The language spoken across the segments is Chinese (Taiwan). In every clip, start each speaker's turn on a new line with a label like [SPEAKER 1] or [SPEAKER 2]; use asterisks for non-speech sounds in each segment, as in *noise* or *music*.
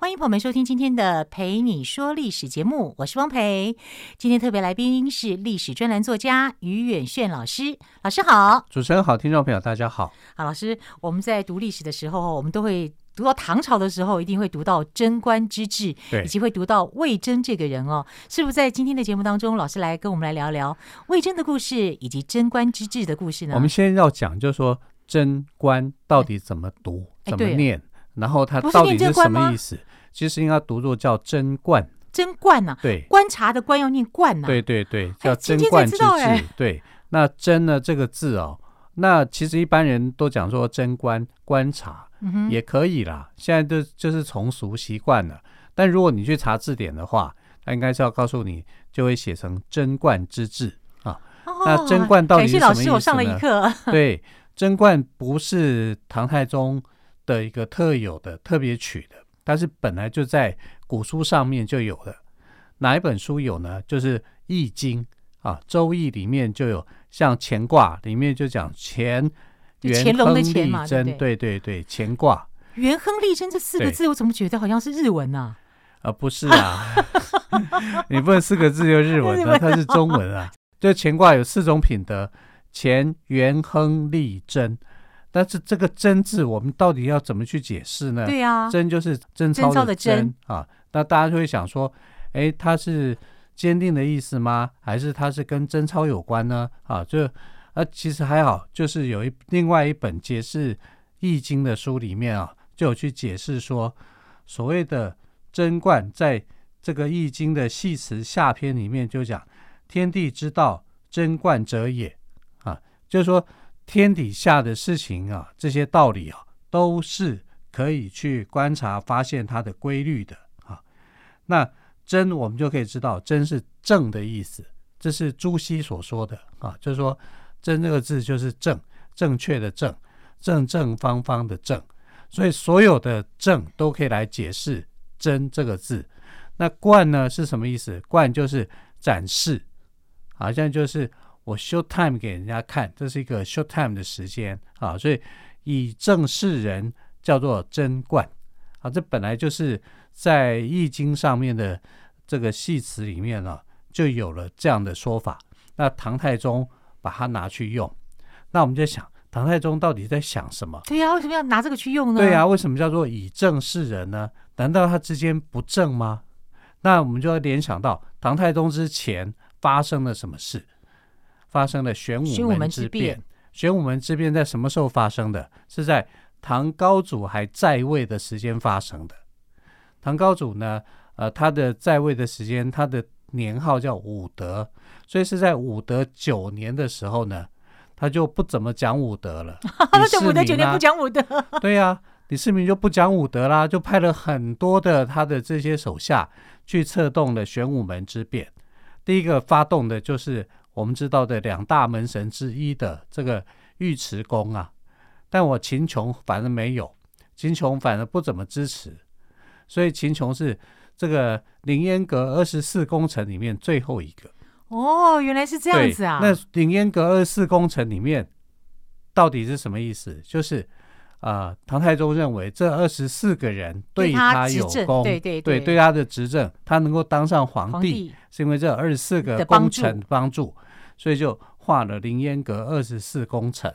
[SPEAKER 1] 歡迎朋友們收聽今天的《蓓你說歷史》節目，我是汪蓓。今天特別來賓是歷史專欄作家於遠炫老師，老師好！
[SPEAKER 2] 主持人好，聽眾朋友大家好！
[SPEAKER 1] 啊，老師，我們在讀歷史的時候，我們都會讀到唐朝的時候，一定會讀到貞觀之治，對以及會讀到魏徵這個人哦。是不是在今天的節目當中，老師來跟我們來聊聊魏徵的故事，以及貞觀之治的故事呢？我們
[SPEAKER 2] 先要講就是，就說貞觀到底怎麼讀，怎麼念，然後他到底是什麼意思？其實應該讀作叫貞觀“貞觀、啊”，
[SPEAKER 1] 貞觀呢，對觀察的“觀”要念冠、啊，“觀”呢，對對對，叫貞觀“貞觀之治”。
[SPEAKER 2] 對，那“貞”呢？這個字哦，那其實一般人都講說“貞觀”，觀察、嗯、哼也可以啦。現在都就，就是從俗習慣了。但如果你去查字典的話，他應該是要告訴你，就會寫成“貞觀之治”啊。哦、那“貞觀”到底是什麼意思呢？對，“貞觀”不是唐太宗的一個特有的、特別取的。但是本來就在古書上面就有了，哪一本書有呢？就是《易經》啊，《周易》裡面就有，像乾卦裡面就講乾，就乾隆的乾嘛，元亨利貞，對對對，乾卦。
[SPEAKER 1] 元亨利貞這四個字，我怎麼覺得好像是日文啊？啊、
[SPEAKER 2] 呃，不是啊， *laughs* *laughs* 你問四個字就日文了、啊， *laughs* 它是中文啊。就乾卦有四種品德：乾、元、亨、利、貞。但是這個“貞”字，我們到底要怎麼去解釋呢？對呀，“貞”就是貞操的“貞”啊。那大家就會想說，誒、欸，它是堅定的意思嗎？還是它是跟貞操有關呢？啊，就啊，其實還好，就是有一另外一本解釋《易經》的書裡面啊，就有去解釋說，所謂的“貞觀”在這個《易經》的繫辭下篇裡面就講：“天地之道，貞觀者也。”啊，就是說。天底下的事情啊，這些道理啊，都是可以去觀察發現它的規律的啊。那“貞”我們就可以知道，“貞”是“正”的意思，這是朱熹所說的啊，就是說“貞”這個字就是“正”，正確的“正”，正正方方的“正”，所以所有的“正”都可以來解釋“貞”這個字。那“觀”呢是什麼意思？“觀”就是展示，好像就是。S 我 show time 給人家看，這是一個 show time 的時間啊，所以以正視人叫做貞觀啊，這本來就是在易經上面的這個繫辭裡面呢、啊，就有了這樣的說法。那唐太宗把它拿去用，那我們就想，唐太宗到底在想什麼？
[SPEAKER 1] 對呀、啊，為什麼要拿這個去用呢？對呀、啊，為
[SPEAKER 2] 什麼叫做以正視人呢？難道他之間不正嗎？那我們就要聯想到唐太宗之前發生了什麼事。發生了玄武門之變，玄武門之變玄武門之變在什麼時候發生的？是在唐高祖還在位的時間發生的。唐高祖呢，呃，他的在位的時間，他的年號叫武德，所以是在武德九年的時候呢，他就不怎麼講武德了。李 *laughs* 世民，武德九年不講
[SPEAKER 1] 武德， *laughs*
[SPEAKER 2] 對啊，李世民就不講武德啦， *laughs* 就派了很多的他的這些手下去策動了玄武門之變。第一個發動的就是。我們知道的兩大門神之一的這個尉遲恭啊，但我秦瓊反而沒有，秦瓊反而不怎麼支持，所以秦瓊是這個凌煙閣二十四功臣裡面最後一個。
[SPEAKER 1] 哦，原來是這樣子啊！那
[SPEAKER 2] 凌煙閣二十四功臣裡面到底是什麼意思？就是。啊、呃，唐太宗認為這二十四個人對他有功，對、對對對對，對他的執政，他能夠當上皇帝，皇帝是因為這二十四個功臣幫助，所以就畫了凌煙閣二十四功臣。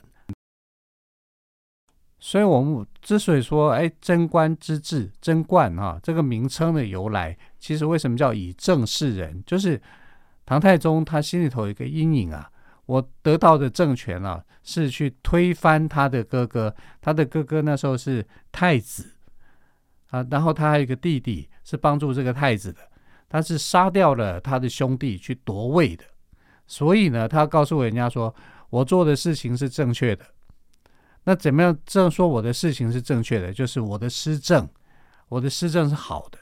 [SPEAKER 2] 所以我們之所以說，哎，貞觀之治，貞觀啊，這個名稱的由來，其實為什麼叫以正視人，就是唐太宗他心裡頭有一個陰影啊。我得到的政權啊，是去推翻他的哥哥。他的哥哥那時候是太子啊，然後他還有一個弟弟是幫助這個太子的。他是殺掉了他的兄弟去奪位的，所以呢，他告訴我人家說：“我做的事情是正確的。”那怎麼樣？證說我的事情是正確的，就是我的施政，我的施政是好的。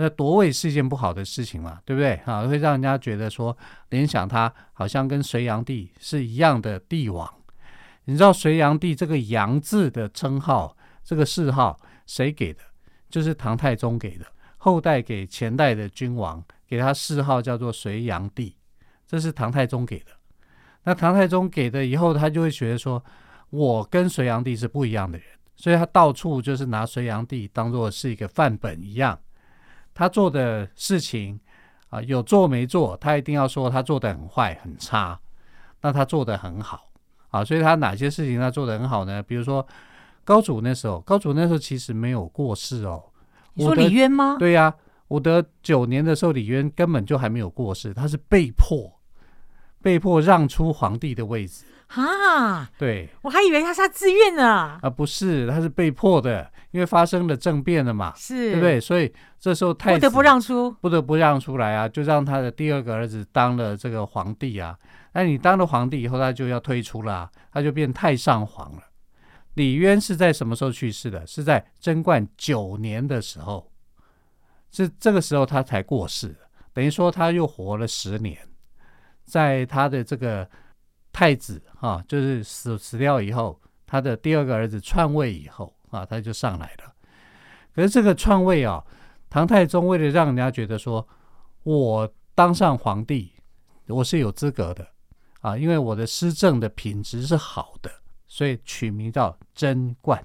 [SPEAKER 2] 那奪位是一件不好的事情嘛，對不對？啊，會讓人家覺得說，聯想他好像跟隋煬帝是一樣的帝王。你知道隋煬帝這個“煬”字的稱號，這個諡號誰給的？就是唐太宗給的。後代給前代的君王，給他諡號叫做隋煬帝，這是唐太宗給的。那唐太宗給的以後，他就會覺得說，我跟隋煬帝是不一樣的人，所以他到處就是拿隋煬帝當做是一個範本一樣。他做的事情啊，有做沒做，他一定要說他做的很壞很差。那他做的很好啊，所以他哪些事情他做的很好呢？比如說高祖那時候，高祖那時候其實沒有過世哦。我你說李淵嗎？對呀、啊，武德九年的時候，李淵根本就還沒有過世，他是被迫被迫讓出皇帝的位置。
[SPEAKER 1] 啊，哈對，我還以為他是他自願的
[SPEAKER 2] 啊，不是，他是被迫的，因為發生了政變了嘛，是，對不對？所以這時候太不得不讓出，不得不讓出來啊，不不讓就讓他的第二個兒子當了這個皇帝啊。那你當了皇帝以後，他就要退出了、啊，他就變太上皇了。李淵是在什麼時候去世的？是在貞觀九年的時候，是這個時候他才過世，等於說他又活了十年，在他的這個。太子啊，就是死死掉以後，他的第二個兒子篡位以後啊，他就上來了。可是這個篡位啊、哦，唐太宗為了讓人家覺得說，我當上皇帝我是有資格的啊，因為我的施政的品質是好的，所以取名叫貞觀。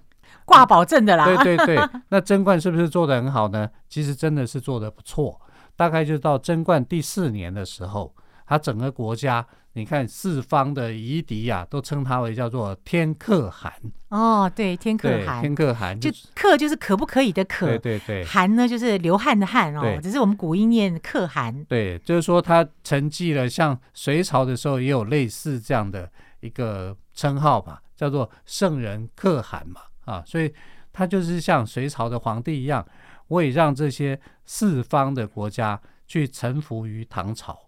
[SPEAKER 1] 掛保證的啦，嗯。對對對，
[SPEAKER 2] 那貞觀是不是做得很好呢？ *laughs* 其實真的是做得不錯。大概就到貞觀第四年的時候，他整個國家。你看四方的夷狄啊，都稱他為叫做天可汗。
[SPEAKER 1] 哦，對，天可汗，天可汗就“可”就是可不可以的“可”，對對對，“汗”呢就是流汗的“汗”哦。只對是我們古音念可汗。
[SPEAKER 2] 對，就是說他承繼了，像隋朝的時候也有類似這樣的一個稱號吧，叫做聖人可汗嘛。啊，所以他就是像隋朝的皇帝一樣，我也讓這些四方的國家去臣服於唐朝。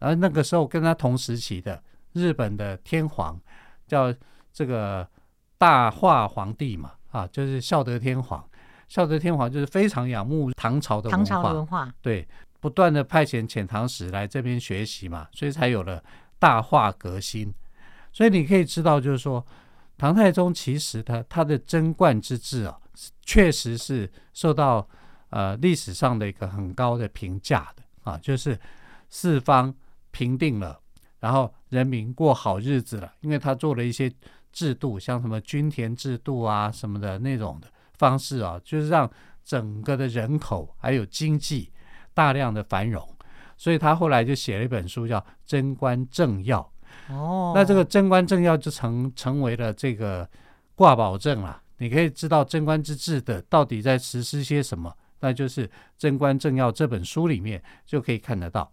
[SPEAKER 2] 而那個時候跟他同時期的日本的天皇叫這個大化皇帝嘛，啊，就是孝德天皇。孝德天皇就是非常仰慕唐朝的文化，唐朝的文化。對，不斷的派遣遣唐使來這邊學習嘛，所以才有了大化革新。所以你可以知道，就是說唐太宗其實他他的貞觀之治啊，確實是受到呃歷史上的一個很高的評價的啊，就是四方。平定了，然後人民過好日子了，因為他做了一些制度，像什麼均田制度啊，什麼的那種的方式啊，就是讓整個的人口還有經濟大量的繁榮，所以他後來就寫了一本書叫《貞觀政要》。哦，oh. 那這個《貞觀政要》就成成為了這個掛保證了，啊，你可以知道貞觀之治的到底在實施些什麼，那就是《貞觀政要》這本書裡面就可以看得到。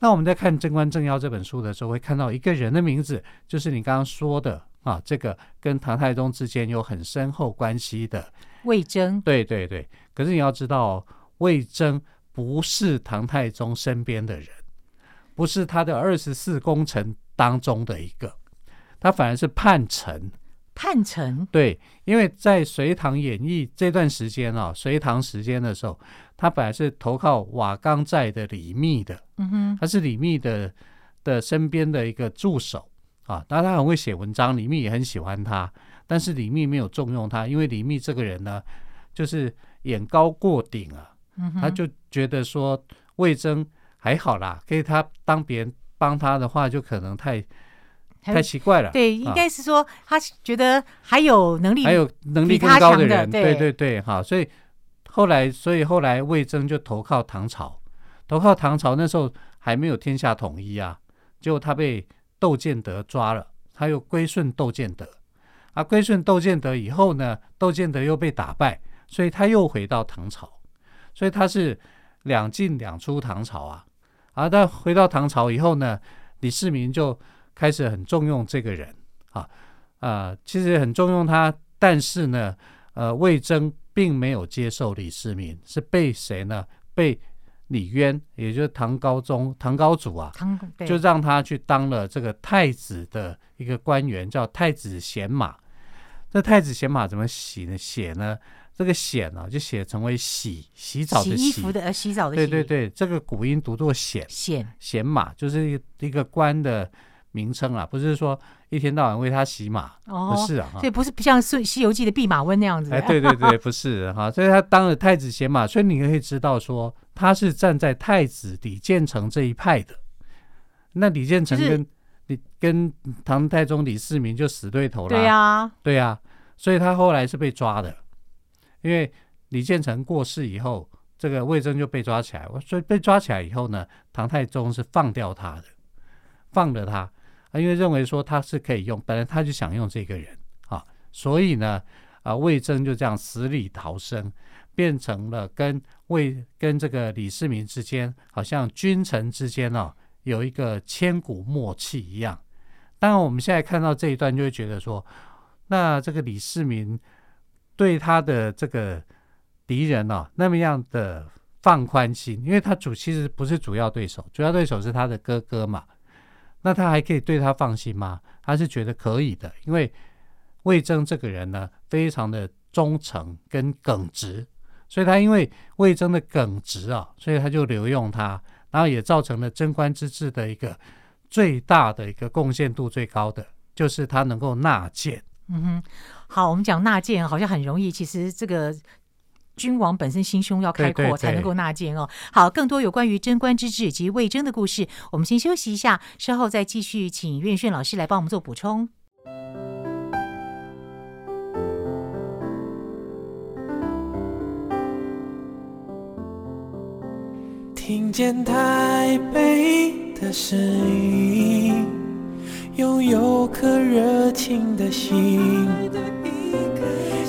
[SPEAKER 2] 那我們在看《貞觀政要》這本書的時候，會看到一個人的名字，就是你剛剛說的啊，這個跟唐太宗之間有很深厚關係的魏徵。對對對，可是你要知道哦，魏徵不是唐太宗身邊的人，不是他的二十四功臣當中的一個，他反而是叛臣。叛臣。對，因為在隋唐演義這段時間啊，隋唐時間的時候。他本來是投靠瓦崗寨的李密的，他是李密的的身邊的一個助手啊。當然他很會寫文章，李密也很喜歡他，但是李密沒有重用他，因為李密這個人呢，就是眼高過頂啊。他就覺得說魏徵還好啦，可以他當別人幫他的話，就可能太太奇怪了。對，應該
[SPEAKER 1] 是說他覺得還有能力，還有能力更高的人，對對
[SPEAKER 2] 對，好，所以。後來，所以後來魏徵就投靠唐朝，投靠唐朝那時候還沒有天下統一啊，結果他被竇建德抓了，他又歸順竇建德，啊，歸順竇建德以後呢，竇建德又被打敗，所以他又回到唐朝，所以他是兩進兩出唐朝啊，啊，他回到唐朝以後呢，李世民就開始很重用這個人，啊啊，呃，其實很重用他，但是呢。呃，魏徵並沒有接受李世民，是被誰呢？被李淵，也就是唐高宗、唐高祖啊，就讓他去當了這個太子的一個官員，叫太子洗馬。這太子洗馬怎麼寫呢？寫呢？這個「洗」呢，就寫成為洗洗澡的洗，洗衣服的洗，的洗，對對對，這個古音讀作“賢賢賢馬”，就是一個，一個官的名稱啊，不是說。一天到晚為他洗馬，哦、不是啊？對，
[SPEAKER 1] 不是不像《西遊記》的弼馬溫那樣子。哎，對對對， *laughs*
[SPEAKER 2] 不是哈、啊。所以他當了太子洗馬，所以你可以知道說他是站在太子李建成這一派的。那李建成跟、就是、李跟唐太宗李世民就死對頭了。對呀、啊，對呀、啊，所以他後來是被抓的。因為李建成過世以後，這個魏徵就被抓起來。所以被抓起來以後呢，唐太宗是放掉他的，放了他。啊，因為認為說他是可以用，本來他就想用這個人啊，所以呢，啊，魏徵就這樣死裡逃生，變成了跟魏跟這個李世民之間，好像君臣之間哦，有一個千古默契一樣。當然，我們現在看到這一段，就會覺得說，那這個李世民對他的這個敵人呢、哦，那麼樣的放寬心，因為他主其實不是主要對手，主要對手是他的哥哥嘛。那他還可以對他放心嗎？他是覺得可以的，因為魏徵這個人呢，非常的忠誠跟耿直，所以他因為魏徵的耿直啊，所以他就留用他，然後也造成了貞觀之治的一個最大的一個貢獻度最高的，就是他能夠納諫。嗯
[SPEAKER 1] 哼，好，我們講納諫好像很容易，其實這個。君王本身心胸要開闊，才能夠納諫哦。對對對。好，更多有關於貞觀之治及魏徵的故事，我們先休息一下，稍後再繼續，請院訊老師來幫我們做補充。
[SPEAKER 2] 聽見台北的聲音，擁有顆熱情的心。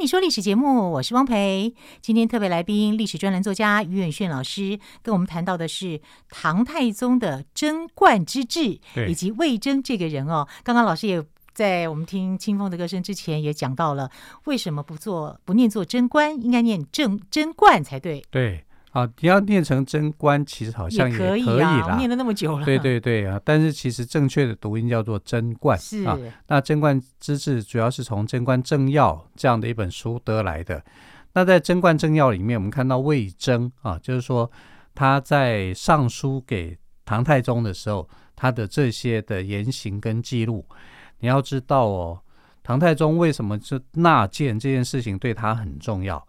[SPEAKER 1] 你說歷史節目，我是汪蓓。今天特別來賓，歷史專欄作家余遠炫老師跟我們談到的是唐太宗的貞觀之治，對以及魏徵這個人哦。剛剛老師也在我們聽《清風的歌聲》之前也講到了，為什麼不做不念做貞觀，應該念貞貞觀才對。
[SPEAKER 2] 對。啊，你要念成“貞觀”，其實好像也可以啦，念了那麼久了。對對對啊！但是其實正確的讀音叫做“貞觀”是。是啊，那“貞觀之治”主要是從《貞觀政要》這樣的一本書得來的。那在《貞觀政要》裡面，我們看到魏徵啊，就是說他在上書給唐太宗的時候，他的這些的言行跟記錄，你要知道哦，唐太宗為什麼是納諫這件事情對他很重要？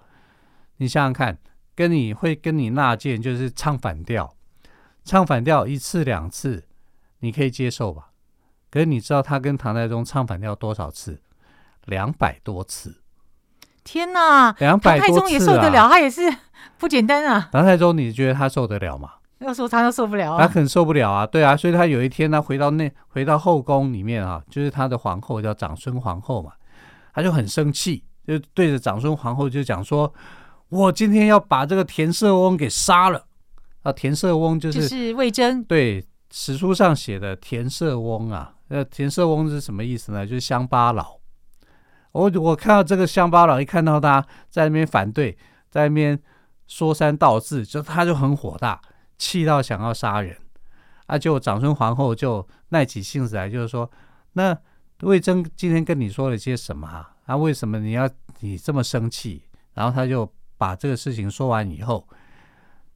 [SPEAKER 2] 你想想看。跟你會跟你納諫，就是唱反調，唱反調一次兩次，你可以接受吧？可是你知道他跟唐太宗唱反調多少次？兩百多次！
[SPEAKER 1] 天哪，兩百、啊、唐太宗也受得了，他也是不簡單啊！
[SPEAKER 2] 唐太宗，你覺得他受得了嗎？
[SPEAKER 1] 要說他，都受不了啊！他很
[SPEAKER 2] 受不了啊！對啊，所以他有一天呢，回到那回到後宮裡面啊，就是他的皇后叫長孫皇後嘛，他就很生氣，就對着長孫皇後就講說。我今天要把這個田舍翁給殺了，啊，田舍翁就是是魏徵，對，史書上寫的田舍翁啊，田舍翁是什麼意思呢？就是鄉巴佬。我我看到這個鄉巴佬，一看到他在那邊反對，在那邊說三道四，就他就很火大，氣到想要殺人，啊，就長孫皇後就耐起性子來，就是說，那魏徵今天跟你說了些什麼？啊，啊，為什麼你要你這麼生氣？然後他就。把這個事情說完以後，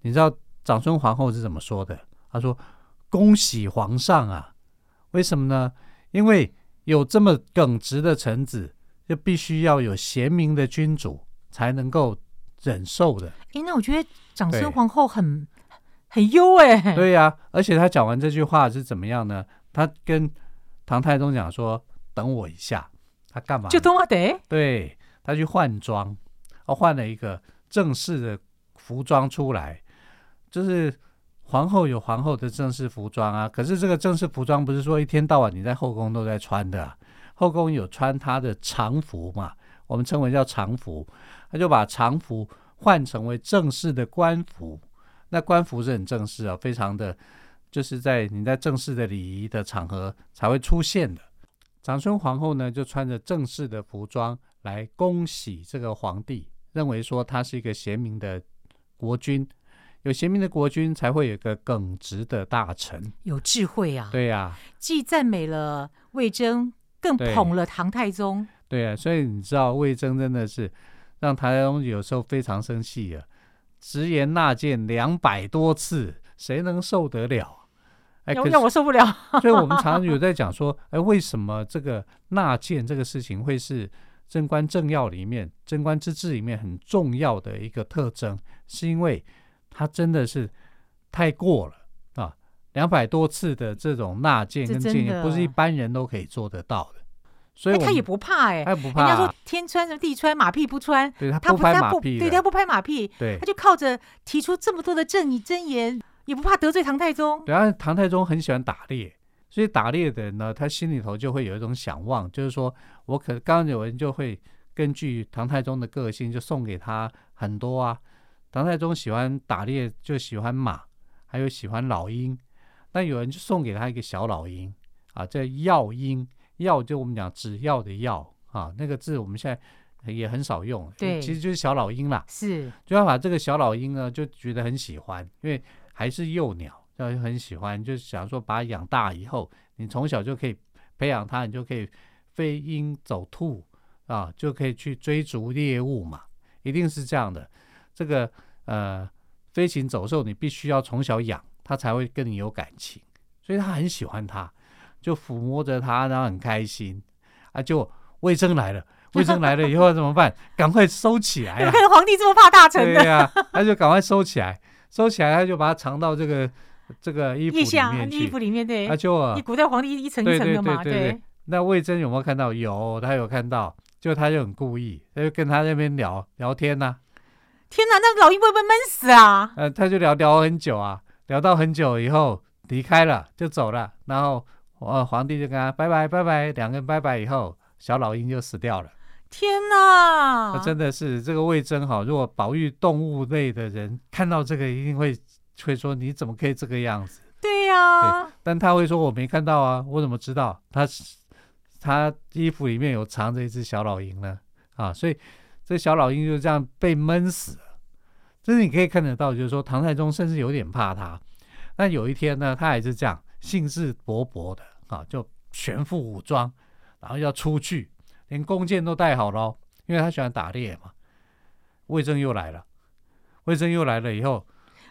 [SPEAKER 2] 你知道長孫皇後是怎麼說的？她說：“恭喜皇上啊！為什麼呢？因為有這麼耿直的臣子，就必須要有賢明的君主才能夠忍受的。”
[SPEAKER 1] 哎，那我覺得長孫皇後很
[SPEAKER 2] 對很優哎、欸。對呀、啊，而且她講完這句話是怎麼樣呢？她跟唐太宗講說：“等我一下。”她幹嘛？就等我得。對，她去換裝，哦，換了一個。正式的服裝出來，就是皇後有皇後的正式服裝啊。可是這個正式服裝不是說一天到晚你在後宮都在穿的啊，後宮有穿她的常服嘛？我們稱為叫常服，她就把常服換成為正式的官服。那官服是很正式啊，非常的就是在你在正式的禮儀的場合才會出現的。長孫皇後呢，就穿着正式的服裝來恭喜這個皇帝。認為說他是一個賢明的國君，有賢明的國君才會有一個耿直的大臣，
[SPEAKER 1] 有智慧啊。對啊，既讚美了魏徵，更捧了唐太宗
[SPEAKER 2] 對。對啊，所以你知道魏徵真的是讓唐太宗有時候非常生氣啊，直言納諫兩百多次，誰能受得了？哎，讓要是我受不了。 *laughs* 所以我們常常有在講說，哎，為什麼這個納諫這個事情會是？《貞觀政要》裡面，《貞觀之治》裡面很重要的一個特徵，是因為他真的是太過了啊！兩百多次的這種納諫跟諫言，不是一般人都可以做得到的。所以、哎、他也
[SPEAKER 1] 不怕哎，他不怕。人家說天穿什麼地穿，馬屁不穿。對，他不拍馬屁，對，他不拍馬屁。對，他就靠着提出這麼多的正義真言，也不怕得罪唐太宗。
[SPEAKER 2] 對啊，唐太宗很喜歡打獵。所以打獵的人呢，他心裡頭就會有一種想望，就是說我可，剛剛有人就會根據唐太宗的個性，就送給他很多啊。唐太宗喜歡打獵，就喜歡馬，還有喜歡老鷹，那有人就送給他一個小老鷹啊，叫“鷂鷹”，“鷂”就我們講“只要”的“要”啊，那個字我們現在也很少用，對，其實就是小老鷹啦。是，就要把這個小老鷹呢，就覺得很喜歡，因為還是幼鳥。就很喜歡，就想說把它養大以後，你從小就可以培養它，你就可以飛鷹走兔啊，就可以去追逐獵物嘛，一定是這樣的。這個呃，飛禽走獸，你必須要從小養，它才會跟你有感情，所以它很喜歡它，就撫摸着它，然後很開心。啊，就魏徵來了，魏徵來了以後怎麼辦？趕快收起來！我看
[SPEAKER 1] 皇帝這麼怕大臣的，對啊，
[SPEAKER 2] 他就趕快收起來，收起來，他就把它藏到這個。這個衣服裡面，衣服
[SPEAKER 1] 裡面對。啊，你古代皇帝一層一層的嘛，對。
[SPEAKER 2] 那魏徵有沒有看到？有，他有看到，就他就很故意，他就跟他那邊聊聊天吶、啊。
[SPEAKER 1] 天吶，那老鷹會不會悶死啊？
[SPEAKER 2] 呃，他就聊聊很久啊，聊到很久以後離開了，就走了。然後呃，皇帝就跟他拜拜拜拜，兩個人拜拜以後，小老鷹就死掉了。
[SPEAKER 1] 天哪、啊，真
[SPEAKER 2] 的是這個魏徵哈、啊，如果保育動物類的人看到這個，一定會。就會說，你怎麼可以這個樣子？對呀，但他會說，我沒看到啊，我怎麼知道他他衣服裡面有藏着一只小老鷹呢？啊，所以這小老鷹就這樣被悶死了。就是你可以看得到，就是說唐太宗甚至有點怕他。但有一天呢，他還是這樣興致勃勃的啊，就全副武裝，然後要出去，連弓箭都帶好了，因為他喜歡打獵嘛。魏徵又來了，魏徵又來了以後。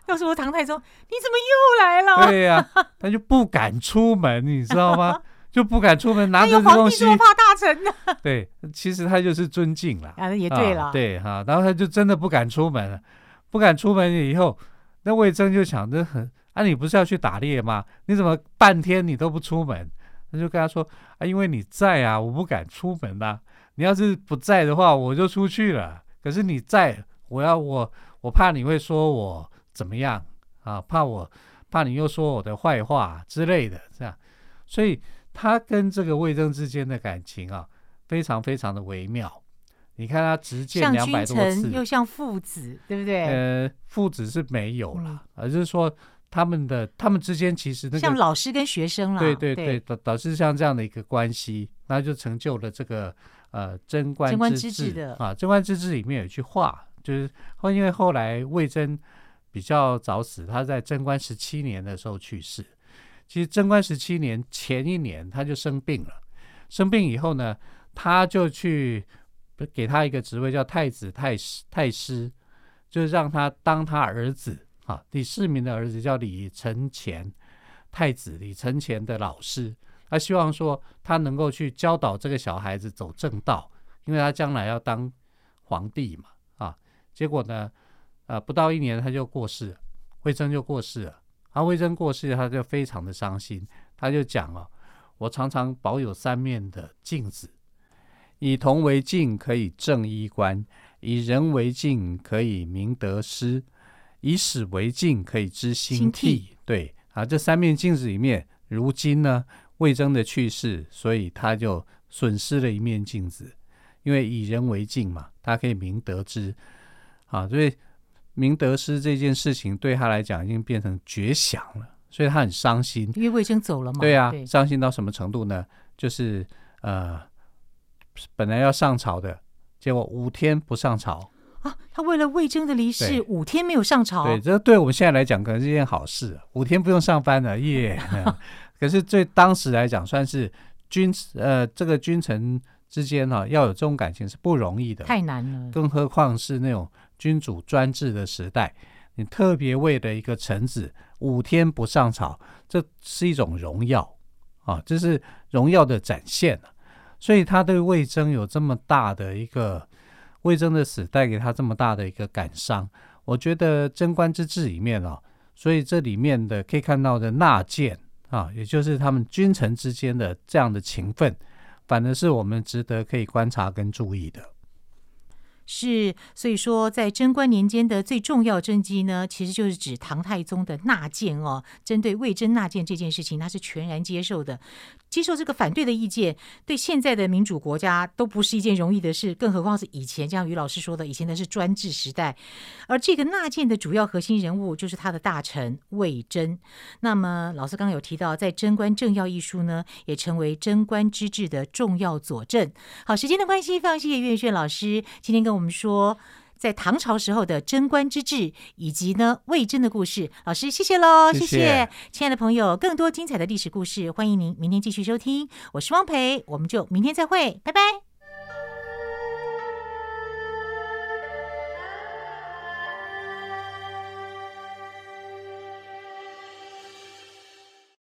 [SPEAKER 1] 告訴我唐太宗，你怎麼又來了？對呀、
[SPEAKER 2] 啊，他就不敢出門，你知道嗎？ *laughs* 就不敢出門，拿着 *laughs* 皇帝這麼怕大臣呢？對，其實他就是尊敬了啊，也對了，啊、對哈、啊。然後他就真的不敢出門了，不敢出門以後，那魏徵就想着，啊，你不是要去打獵嗎？你怎麼半天你都不出門？他就跟他說，啊，因為你在啊，我不敢出門吶、啊。你要是不在的話，我就出去了。可是你在，我要我我怕你會說我。怎麼樣啊？怕我，怕你又說我的壞話之類的，這樣。所以他跟這個魏徵之間的感情啊，非常非常的微妙。你看他直諫兩百多次，像君臣
[SPEAKER 1] 又像父子，對不對？呃，
[SPEAKER 2] 父子是沒有了，哦、啦而是說他們的他們之間其實、那個、像老師跟學生了，對對對，導對導致像這樣的一個關係，那就成就了這個呃貞觀貞觀之治的啊。貞觀之治裡面有一句話，就是後因為後來魏徵。比較早死，他在貞觀十七年的時候去世。其實貞觀十七年前一年他就生病了，生病以後呢，他就去給他一個職位，叫太子太師。太師就讓他當他兒子啊，李世民的兒子叫李承乾，太子李承乾的老師，他希望說他能夠去教導這個小孩子走正道，因為他將來要當皇帝嘛啊。結果呢？啊、呃，不到一年他就過世了，魏徵就過世了。然後魏徵過世，他就非常的傷心，他就講哦，我常常保有三面的鏡子，以銅為鏡可以正衣冠，以人為鏡可以明得失，以史為鏡可以知興替。興替。對啊，這三面鏡子裡面，如今呢魏徵的去世，所以他就損失了一面鏡子，因為以人為鏡嘛，他可以明得知啊，所以。明得失這件事情對他來講已經變成絕響了，所以他很傷心。因為魏徵走了嘛。對啊，對，傷心到什麼程度呢？就是呃，本來要上朝的，結果五天不上朝啊。
[SPEAKER 1] 他為了魏徵的離世，對五天沒有上朝。對，
[SPEAKER 2] 這對我們現在來講可能是一件好事，五天不用上班了耶。 *laughs* 可是對當時來講，算是君呃，這個君臣之間哈、啊，要有這種感情是不容易的，太難了。更何況是那種。君主專制的時代，你特別為了一個臣子，五天不上朝，這是一種榮耀啊，這是榮耀的展現。所以他對魏徵有這麼大的一個，魏徵的死帶給他這麼大的一個感傷，我覺得貞觀之治裡面哦、啊，所以這裡面的可以看到的納諫啊，也就是他們君臣之間的這樣的情分，反而是我們值得可以觀察跟注意的。
[SPEAKER 1] 是，所以說在貞觀年間的最重要政績呢，其實就是指唐太宗的納諫哦。針對魏徵納諫這件事情，他是全然接受的。接受這個反對的意見，對現在的民主國家都不是一件容易的事，更何況是以前，像於老師說的，以前的是專制時代。而這個納諫的主要核心人物，就是他的大臣魏徵。那麼老師剛剛有提到，在《貞觀政要》一書呢，也成為貞觀之治的重要佐證。好，時間的關係，非常謝謝岳軒老師今天跟我們說。在唐朝時候的貞觀之治，以及呢魏徵的故事，老師謝謝嘍，謝謝，親愛的朋友，更多精彩的歷史故事，歡迎您明天繼續收聽，我是汪蓓，我們就明天再會，拜拜。